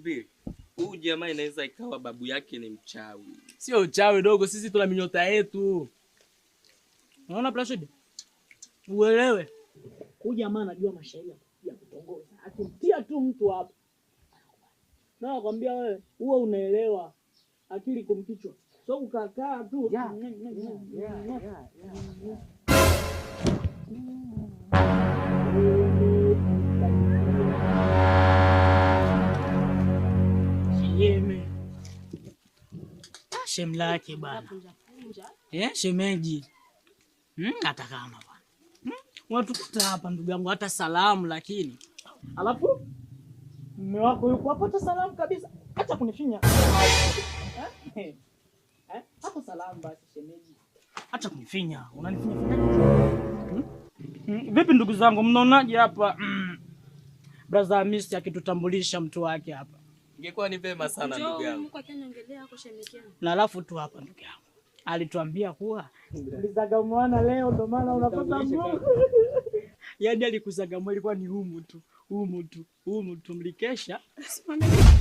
subiri, huyu jamaa inaweza ikawa babu yake ni mchawi. Sio uchawi dogo, sisi tuna minyota yetu. Unaona Rashid, uelewe huyu jamaa anajua mashairi ya kutongoza, akimtia tu mtu hapo na nakwambia wewe, huwa unaelewa akili kumkichwa, so ukakaa tu yeah, mm, mm, mm, yeah, yeah, yeah. Shem lake bana eh, shemeji hmm, hata kama bana hmm, unatukuta hapa ndugu yangu, hata salamu lakini, alafu mume wako yuko hapo, hata salamu kabisa, acha kunifinya eh, eh hapo salamu basi, shemeji, acha kunifinya, unanifinya hmm? hmm, vipi ndugu zangu, mnaonaje hapa? Hmm. Brother Hamisi akitutambulisha mtu wake hapa Ingekuwa ni vema sana ndugu yangu. Na alafu tu hapa ndugu yangu alituambia kuwa mwana leo ndo maana unapata Mungu. Yaani alikuzagamua ilikuwa ni humu tu humu tu humu tu, mlikesha eh?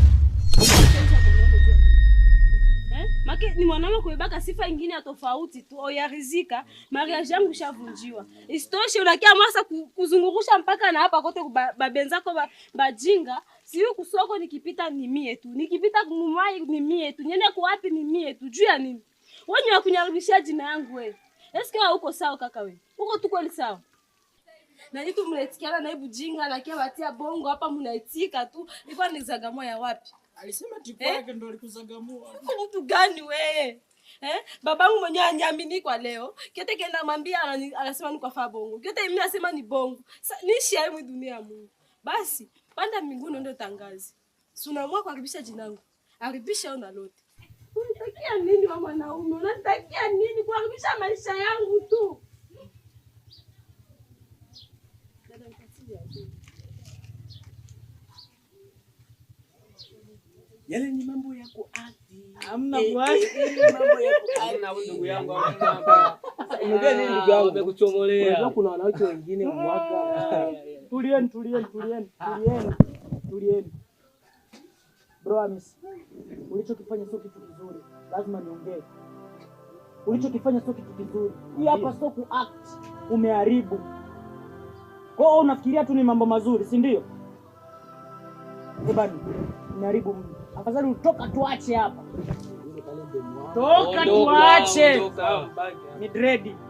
Make ni mwanaume kuibaka sifa ingine ya tofauti tu oyarizika. Mariage yangu shavunjiwa, isitoshe unakia masa kuzungurusha mpaka na hapa kote babenzako bajinga ba si Siyo soko nikipita ni mie tu. Nikipita kumumai ni mie tu. Niende kuwapi ni mie tu. Juu ya nini? Wewe ni wakunyarudishia jina yangu wewe. Eske uko sawa kaka wewe? Uko tu kweli sawa? Na nitu mnaitikiana na hebu jinga na kia watia bongo hapa mnaitika tu. Ilikuwa ni zagamua ya wapi? Alisema tipu yake eh? Ndo alikuzagamua. Uko mtu gani wewe? Eh? Babangu mwenye anyamini kwa leo. Kete kenda mwambia anasema ni kwa fa bongo. Kete mimi nasema ni bongo. Sa, nishi ya dunia Mungu. Basi panda mbinguni ndio tangazi. Si unaamua kuharibisha jina langu. Haribisha ona lote. Unatakia nini wa mwanaume? Unatakia nini kuharibisha maisha yangu tu? Yale ni mambo ya kuati. Hamna bwana. Eh, eh, eh, mambo ya na ndugu yangu hapa. Ndugu yangu amekuchomolea. Kuna wanawake wengine mwaka. Tulieni, tulieni, tulieni, tulieni, tulieni. Bro Hamisi, ulichokifanya sio kitu kizuri, lazima niongee. Ulichokifanya sio kitu kizuri, hii hapa sio ku act, umeharibu. Kwao unafikiria tu ni mambo mazuri, si ndio? Ebani, eh, umeharibu mno. Afadhali utoka tuache hapa, toka tuache, ni dread